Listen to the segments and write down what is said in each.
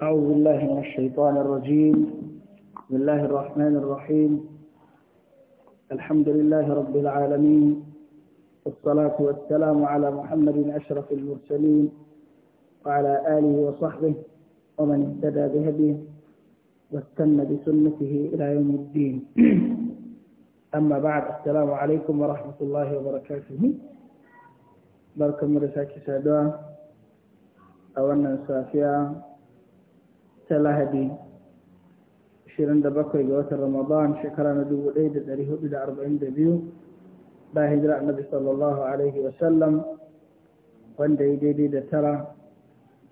أعوذ بالله من الشيطان الرجيم بسم الله الرحمن الرحيم الحمد لله رب العالمين والصلاة والسلام على محمد أشرف المرسلين وعلى آله وصحبه ومن اهتدى بهديه واستنى بسنته إلى يوم الدين أما بعد السلام عليكم ورحمة الله وبركاته بركة مرساك سادوا أولا سافيا ta lahadi 27 ga watan ramadan shekara na 1442 ba hijira annabi sallallahu alaihi ya daidai da tara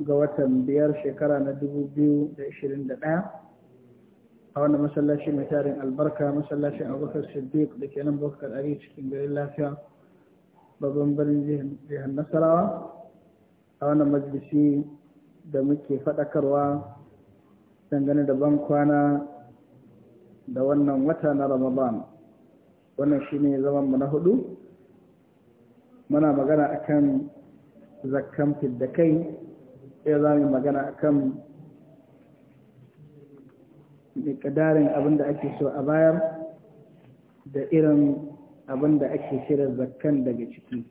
ga watan biyar shekara na 2021 a wanda masallaci mai tarin albarka masallacin abubakar siddiq da ke nan bakar ari cikin garin lafiya babban birnin jihar nasarawa a wannan majalisi da muke faɗakarwa dangane da ban kwana da wannan wata na ramadan wannan shine zaman mu na hudu muna magana akan zakkan fidda kai sai za mu magana akan kadarin abin da ake so a bayar da irin abin da ake cire zakkan daga ciki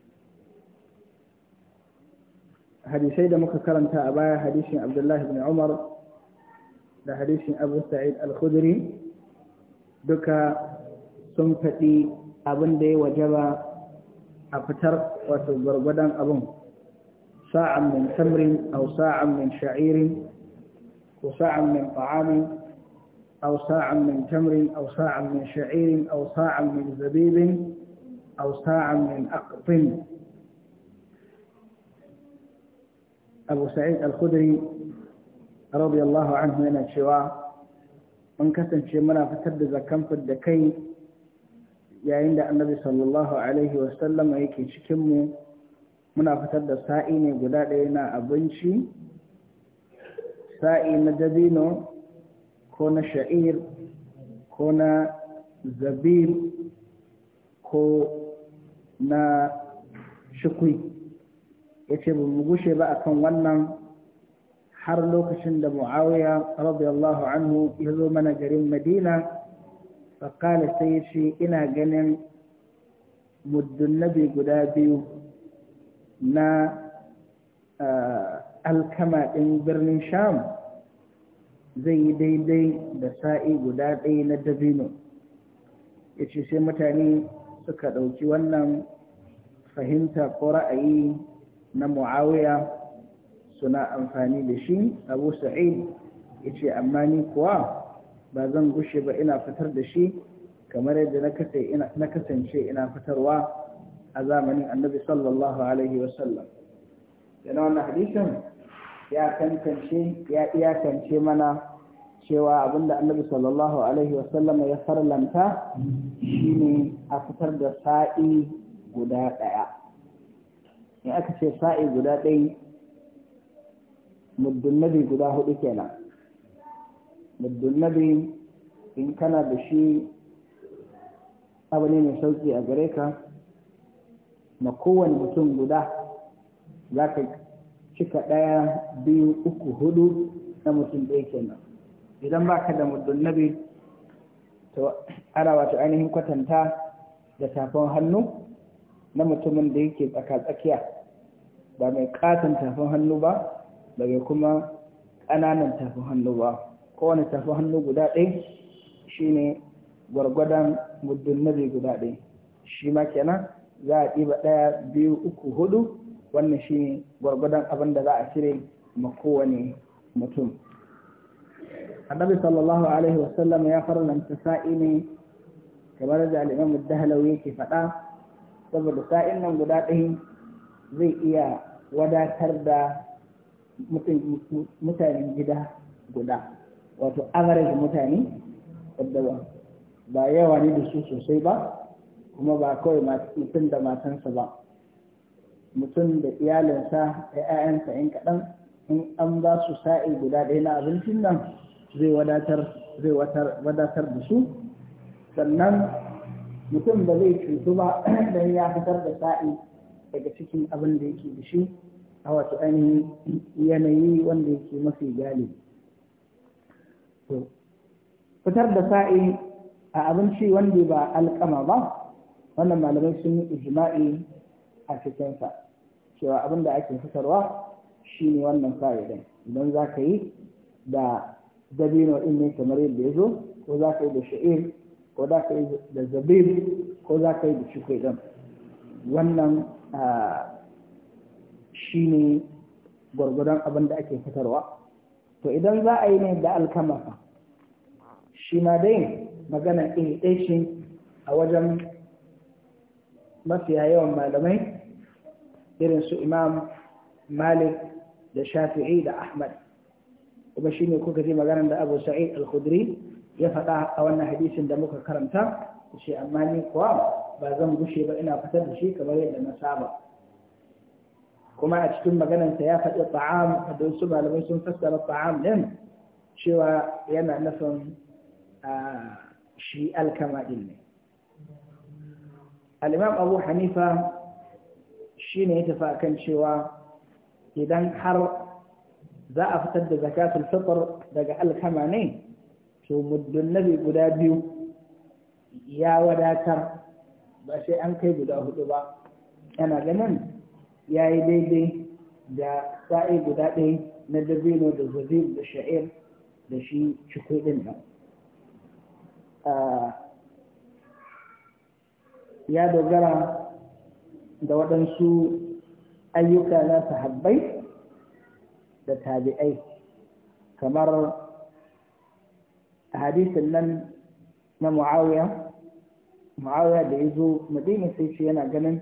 hadisai da muka karanta a baya hadisin abdullahi bin umar لحديث أبو سعيد الخدري دكا سمفتي أبن دي وجبا أفتر وتبر بدن أبن ساعة من تمر أو ساعة من شعير وساعة من طعام أو ساعة من تمر أو ساعة من شعير أو ساعة من زبيب أو ساعة من أقط أبو سعيد الخدري radiyallahu anhu yana cewa mun kasance muna fitar da zakan da kai yayin da annabi sallallahu alaihi wasallama yake mu muna fitar da sa'i ne guda ɗaya na abinci sa'i na dabino ko na sha'ir ko na zabir ko na shukui ya ce ba mu gushe ba akan wannan har lokacin da mu'awiya radiyallahu anhu ya zo mana garin madina faƙala sai shi ina ganin muddunnabi guda biyu na eh, alkama ɗin birnin sham zai yi daidai da sa'i guda ɗaya na dabino ya ce sai mutane suka ɗauki wannan fahimta ko ra'ayi na mu'awiya suna amfani da shi abu sa'id ya ce amma ni kuwa ba zan gushe ba ina fitar da shi kamar yadda na kasance ina fitarwa a zamanin annabi sallallahu alaihi wasallam yana wannan hadisin ya kankance ya iyakance mana cewa abinda annabi sallallahu alaihi wasallam ya farlanta shine a fitar da sa'i guda daya in aka ce sa'i guda daya. muddin nabi guda hudu kenan muddin nabi in kana da shi abu ne mai sauki a gare ka ma kowane mutum guda za ka cika ɗaya biyu uku hudu na mutum ɗaya kenan idan ba ka da muddin nabi to ana wato ainihin kwatanta da tafin hannu na mutumin da yake tsaka tsakiya ba mai katon tafin hannu ba daga kuma ƙananan tafi hannu ba kowane tafi hannu guda ɗaya shine gwargwadon muddin nabi guda ɗaya shi ma kenan za a ɗiba ɗaya biyu uku hudu wannan shi ne gwargwadon abin da za a cire ma kowane mutum annabi sallallahu alaihi wasallam ya ta sa'i ne kamar da al'imam dahalawi yake faɗa saboda sa'in nan guda ɗaya zai iya wadatar da mutane gida guda wato average mutane wadda ba yawa ne da su sosai ba kuma ba kawai mutum da matansa ba mutum da iyalinsa da 'ya'yansa in kaɗan in an ba su sa'i guda ɗaya na abincin nan zai wadatar da su sannan mutum ba zai cutu ba don ya fitar da sa'i daga cikin abin da yake da shi a wato ainihin yanayi wanda yake mafi galibi fitar da sa'i a abinci wanda ba alkama ba wannan malamai sun yi ijima'i a cikinsa cewa abin da ake fitarwa shi ne wannan sa'i ɗin. idan za ka yi da dabino ɗin ne kamar yadda ya zo ko za ka yi da sha'ir ko za ka yi da zabib ko za ka yi da shukwai din wannan ah, shine gwargwadon abin da ake fitarwa to idan za a yi ne da alkama shi ma dai magana iri ɗaya a wajen mafiya yawan malamai irin su imam malik da shafi'i da ahmad kuma ne kuka ji maganar da abu sa'id al-khudri ya faɗa a wannan hadisin da muka karanta ce amma ni kuwa ba zan gushe ba ina fitar da shi kamar yadda na saba kuma a cikin maganarsa ya faɗi ta'am don su malamai sun fassara ta'am ɗin cewa yana nufin shi alkama ɗin ne al'imam abu hanifa shi ne ya tafi kan cewa idan har za a fitar da zakatul fitr daga alkama ne to muddin nabi guda biyu ya wadatar ba sai an kai guda hudu ba yana ganin ya yi daidai da sa'i guda ɗaya na dabino da zabib da sha'ir da shi cikin ɗin nan ya dogara da waɗansu ayyuka na sahabbai da tabi'ai kamar hadisin nan na mu'awiya mu'awiya da ya zo madina sai ce yana ganin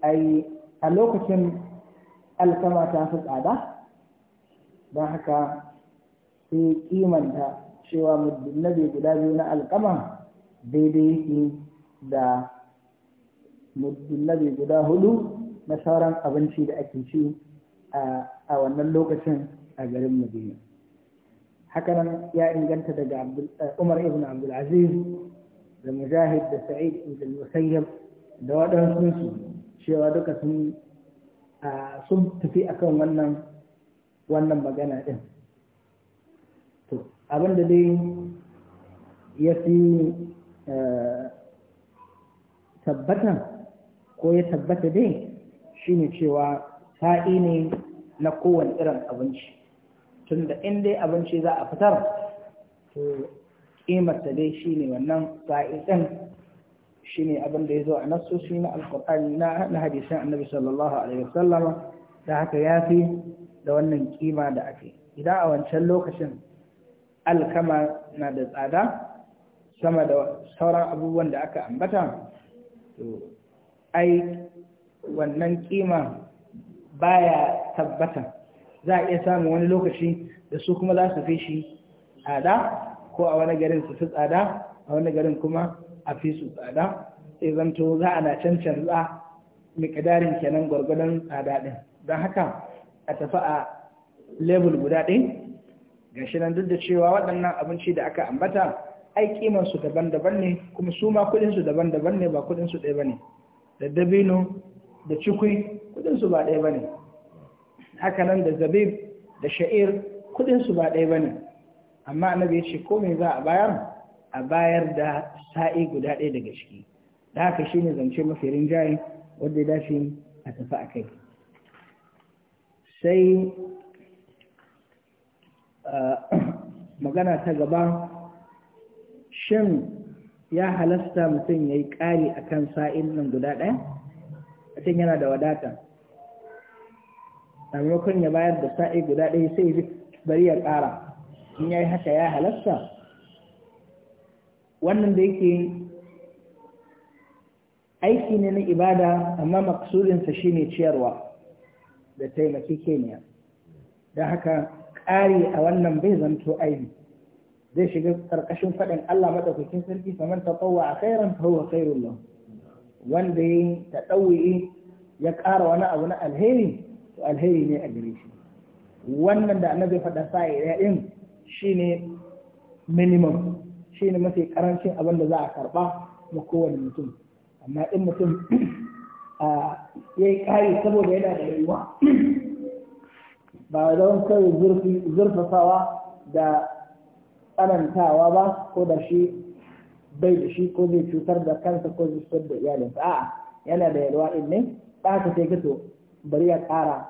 ai a lokacin alkama ta fi tsada don haka sai kimanta cewa bai guda biyu na alkama daidai yake da bai guda hudu na sauran abinci da ake ci a wannan lokacin a garin madina hakanan ya inganta daga umar ibn abdulaziz da mujahid da sa'id ibn musayyab da waɗansu cewa duka sun sun tafi akan wannan wannan magana din? to abin da dai ya fi tabbata ko ya tabbata dai shine cewa sa'i ne na kowane irin abinci tun da in dai abinci za a fitar to ƙimarta dai shine wannan sa'i ɗin shine abin da ya zo a nassoshi na alkur'ani na hadisin annabi sallallahu alaihi wasallam da haka ya fi da wannan kima da ake idan a wancan lokacin alkama na da tsada sama da sauran abubuwan da aka ambata to ai wannan kima baya tabbata za a iya samun wani lokaci da su kuma za su fi shi tsada ko a wani garin su fi tsada a wani garin kuma a fi su tsada sai zanto za a na cancanza mikadarin kenan gwargwadon tsada ɗin don haka a tafi a level guda ɗin gashi nan duk da cewa waɗannan abinci da aka ambata ai kiman su daban-daban ne kuma su ma kuɗin su daban-daban ne ba kuɗin su ɗaya bane da dabino da cikui kuɗin su ba ɗaya bane haka nan da zabib da sha'ir kuɗin su ba ɗaya bane amma annabi ya ce ko me za a bayar a bayar da sa'i guda ɗaya daga ciki da haka shi ne zance mafi rinjaye wanda ya dace a tafi a kai sai ah, magana ta gaba shin ya halasta mutum ya yi ƙari a kan sa'in nan guda ɗaya mutum yana da wadata a ya bayar da sa'i guda ɗaya sai bari ya ƙara in ya yi haka ya halasta wannan da yake aiki ne na ibada amma maksudinsa shine ciyarwa da taimaki keniya Da haka ƙari a wannan bai zanto aini zai shiga ƙarƙashin faɗin Allah maɗaukakin sarki saman ta tsawo a kairan ta huwa kairun nan. wanda ya ta ɗauye ya ƙara wani abu na alheri to alheri ne a gare shi wannan da annabi faɗa sa'i ɗin shine minimum shi ne mafi karancin abin da za a karba ga kowane mutum amma in mutum ya yi kari saboda yana da rayuwa ba don kawai zurfafawa da tsanantawa ba ko da shi bai da shi ko zai cutar da kansa ko zai cutar da iyalinsa a'a yana da yalwa in ne ba ka sai gato bari ya kara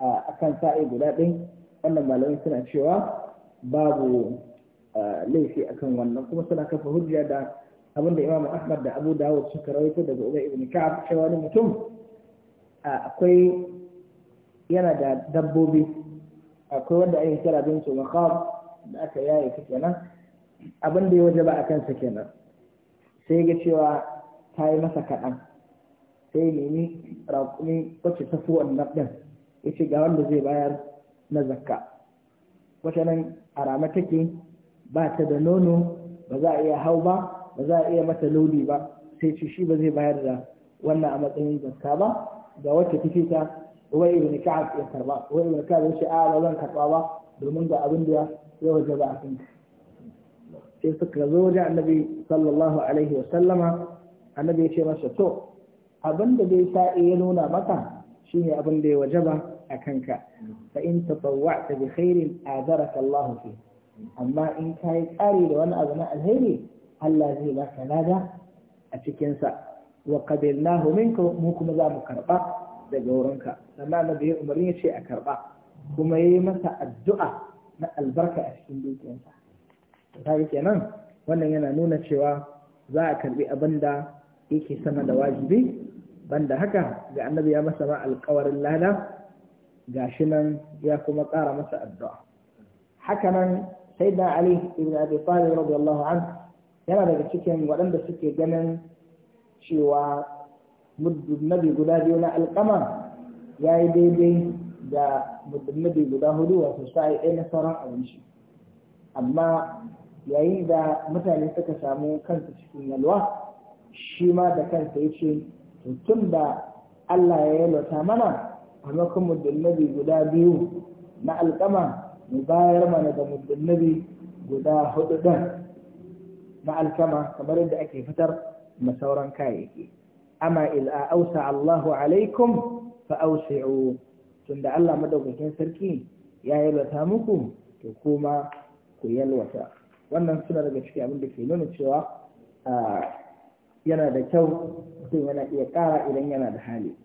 a kan sa'i guda ɗin wannan malamai suna cewa babu laifi akan wannan kuma suna kafa hujja da abin da imamu ahmad da abu dawud suka rawaito daga ubay ibn ka'ab cewa wani mutum akwai yana da dabbobi akwai wanda ake kira su maqab da aka yaye ta kenan abin da ya ba a kansa kenan sai ga cewa ta yi masa kaɗan sai nemi raƙumi wacce ta fi wannan ɗin ya ce ga wanda zai bayar na zakka wacce nan a rama take ba ta da nono ba za a iya hau ba ba za a iya mata lodi ba sai ce shi ba zai bayar da wannan a matsayin zakka ba ga wacce ta fita wai ibn ka'ab ya karba wai ibn ka'ab ya ce a ba zan karba ba domin ga abin da ya waje ba a kan sai suka zo wajen annabi sallallahu alaihi wa sallama annabi ya ce masa to abin da zai sa ya nuna maka shine abin da ya waje ba a kanka fa in tatawwa'ta bi khairin adaraka Allahu fihi amma in ka yi tsari da wani abu na alheri Allah zai ba ka lada a cikinsa wa qabilnahu minkum mu kuma za mu karɓa daga wurinka sannan annabi ya umarni ya ce a karɓa kuma yi masa addu'a na albarka a cikin dukiyarsa kaga kenan wannan yana nuna cewa za a karɓi abin da yake sama da wajibi banda haka ga annabi ya masa ma alƙawarin lada gashi nan ya kuma ƙara masa addu'a haka nan sayyidina ali ibn abi talib radiyallahu anhu yana daga cikin waɗanda suke ganin cewa nabi guda biyu na alƙama ya yi daidai da nabi guda hudu wato sa'i ɗaya na sauran abinci amma yayin da mutane suka samu kansa cikin yalwa shi ma da kansa ya ce tun da Allah ya yalwata mana a makon nabi guda biyu na alƙama mu bayar mana da muddin guda hudu ɗin na alkama kamar yadda ake fitar na sauran kayayyaki amma ila ausa Allahu alaikum fa ausi'u tunda Allah madaukakin sarki ya yalwata muku to kuma ku yalwata wannan suna daga ciki abin da ke nuna cewa yana da kyau mutum yana iya ƙara idan yana da hali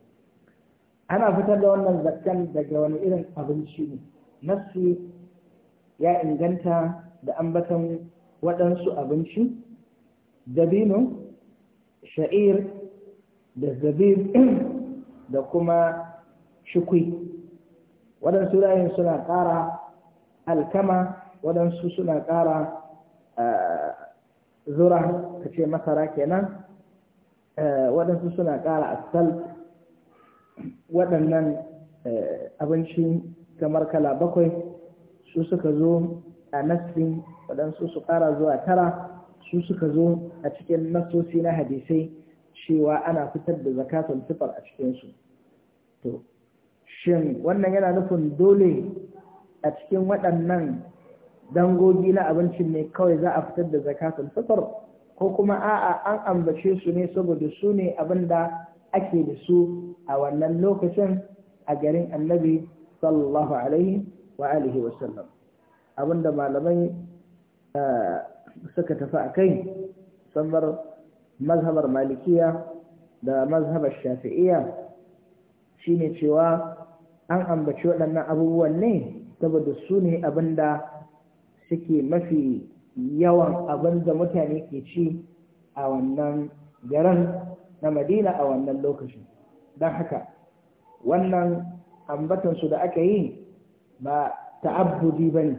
ana fitar da wannan zakkan daga wani irin abinci ne nassi ya inganta da ambatan waɗansu abinci dabino sha'ir da zabib da kuma shukwi waɗansu rayin suna ƙara alkama waɗansu suna ƙara eh, zura ka ce masara kenan eh, waɗansu suna ƙara asal waɗannan eh, abinci kamar kala bakwai su suka zo a nassin waɗansu su ƙara zuwa tara su suka zo a cikin nasosi na hadisai cewa ana fitar da zakatun fitr a cikinsu to shin wannan yana nufin dole a cikin waɗannan dangogi na abincin ne kawai za a fitar da zakatun fitr ko kuma a'a an ambace su ne saboda su ne abin da ake da su a wannan lokacin a garin annabi sallallahu alaihi wa alihi wa sallam abinda malamai suka tafi a kai samar mazhabar malikiya da mazhabar shafi'iya shine cewa an ambaci waɗannan abubuwan ne saboda su ne abinda suke mafi yawan abinda mutane ke ci a wannan garin na madina a wannan lokacin don haka wannan ambatansu da aka yi ba ta'abbudi ba ne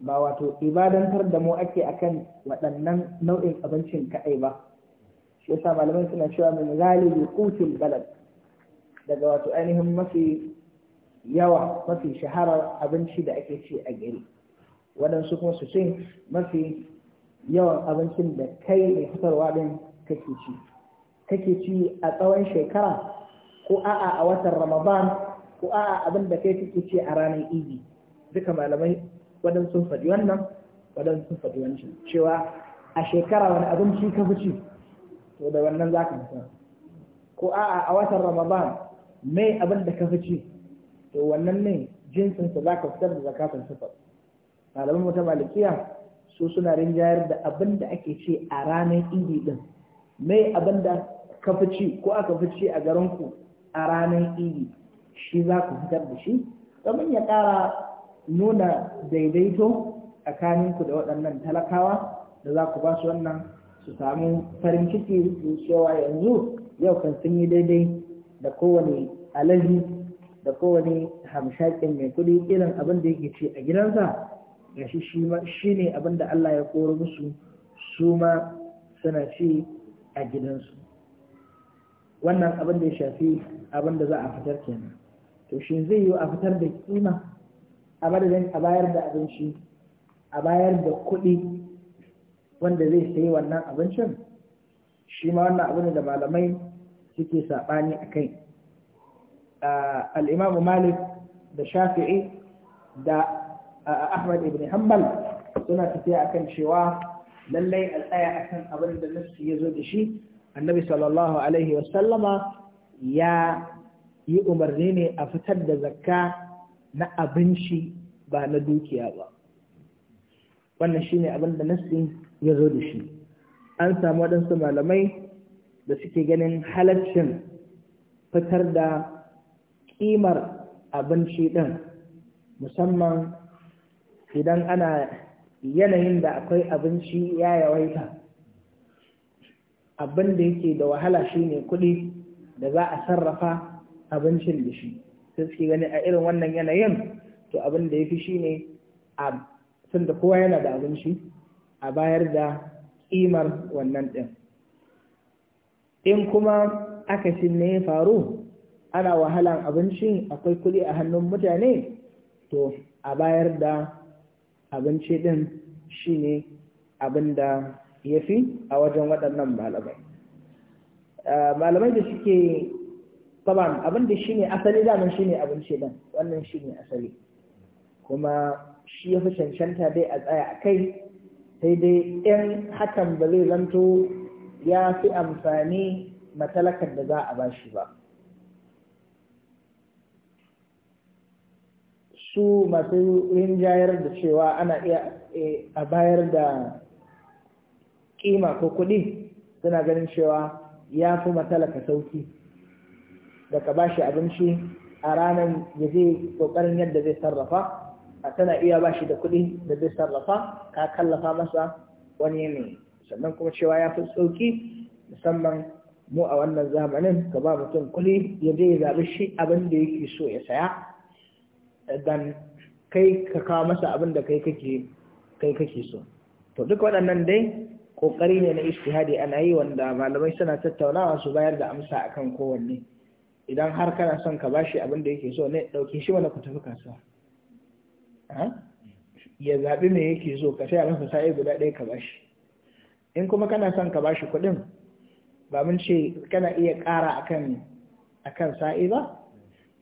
ba wato ibadantar da mu ake akan waɗannan nau'in abincin kaɗai ba shi yasa malamai suna cewa min galibi kutul balad daga wato ainihin mafi yawa mafi shaharar abinci da ake ci a gari waɗansu kuma su ce mafi yawan abincin da kai mai fitarwa ɗin kake ci kake ci a tsawon shekara ko a'a a watan ramadan ko a'a abin da kai kike ce a ranar idi duka malamai wadan sun faɗi wannan wadan sun faɗi wancan cewa a shekara wani shi ka fi ci to da wannan za ka mutu ko a'a a watan ramadan mai abin da ka fi ci to wannan ne jinsin sa za ka fitar da zakatun sufar malaman mutum malikiya su suna rinjayar da abin da ake ce a ranar idi din mai abin da ka fi ci ko aka fi ci a garinku a ranar idi shi za ku fitar da shi domin ya ƙara nuna daidaito tsakaninku da waɗannan talakawa da za ku ba su wannan su samu farin ciki cewa yanzu yau kan sun yi daidai da kowane alaji da kowane hamshakin mai kuɗi irin abin da yake ce a gidansa ga shi shi ne abin da Allah ya koro musu su ma suna ci a gidansu wannan abin da ya shafi abin da za a fitar kenan to shi zai yi a fitar da kima a madadin a bayar da abinci a bayar da kuɗi wanda zai sayi wannan abincin shi ma wannan abin da malamai suke saɓani a kai al'imamu malik da shafi'i da ahmad ibn hanbal suna tafiya akan cewa lallai a tsaya akan abin da nafsi ya zo da shi annabi sallallahu alaihi wasallama ya yi umarni ne a fitar da zakka na abinci ba na dukiya ba wannan shine abin da nassi ya zo da shi an samu waɗansu malamai da suke ganin halaccin fitar da ƙimar abinci ɗin musamman idan ana yanayin da akwai abinci ya yawaita abin da yake da wahala shine kuɗi da za a sarrafa abincin da shi sai suke gani a irin wannan yanayin to abin da ya fi shi ne a tun da kowa yana da abinci a bayar da ƙimar wannan ɗin in kuma aka ne ya faru ana wahalan abinci akwai kuɗi a hannun mutane to a bayar da abinci ɗin shi ne abin da ya fi a wajen waɗannan malamai eh, malamai da suke taban abin da ne asali daman shine abin shedan wannan shine asali kuma shi ya fi cancanta dai a tsaya a kai sai dai yan hakan ba zai zanto ya fi amfani matalakar da za a ba shi ba su masu jayar da cewa ana iya a bayar da kima ko kuɗi suna ganin cewa ya fi matalaka sauki da ka ba shi abinci a ranar ya zai ƙoƙarin yadda zai sarrafa a tana iya ba shi da kuɗi da zai sarrafa ka kallafa masa wani yanayi sannan kuma cewa ya fi tsoki musamman mu a wannan zamanin ka ba mutum kuɗi ya zai zaɓi shi abin da yake so ya saya dan kai ka kawo masa abin da kai kake kai kake so to duk waɗannan dai ƙoƙari ne na istihadi ana yi wanda malamai suna tattaunawa su bayar da amsa akan kowanne idan har kana son ka bashi abin da yake so ne ɗauke shi wani ku tafi kasuwa ya zaɓi me yake so ka saya masa sa'i guda ɗaya ka bashi in kuma kana son ka bashi kuɗin ba mun ce kana iya ƙara akan akan sa'i ba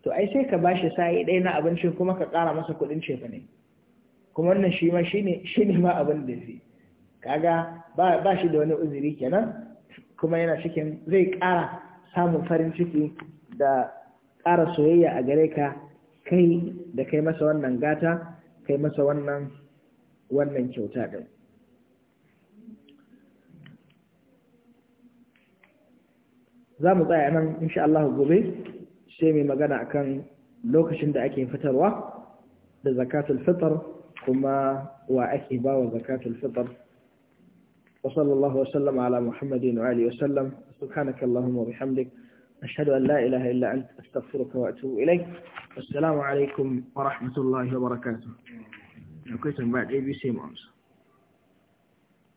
to ai sai ka bashi sa'i ɗaya na abinci kuma ka ƙara masa kuɗin cefa ne kuma wannan shi ma shine shine ma abin da zai kaga ba ba shi da wani uzuri kenan kuma yana cikin zai ƙara samun farin ciki da ƙara soyayya a gare ka kai da kai masa wannan gata kai masa wannan wannan kyauta ɗin za mu tsaya nan insha Allah gobe sai mai magana akan lokacin da ake fitarwa da zakatul fitar kuma wa ake ba wa zakatul fitar وصلى الله وسلم على محمد وآله وسلم سبحانك اللهم وبحمدك أشهد أن لا إله إلا أنت أستغفرك وأتوب إليك والسلام عليكم ورحمة الله وبركاته. Akwai tambayar ABC mu amsa.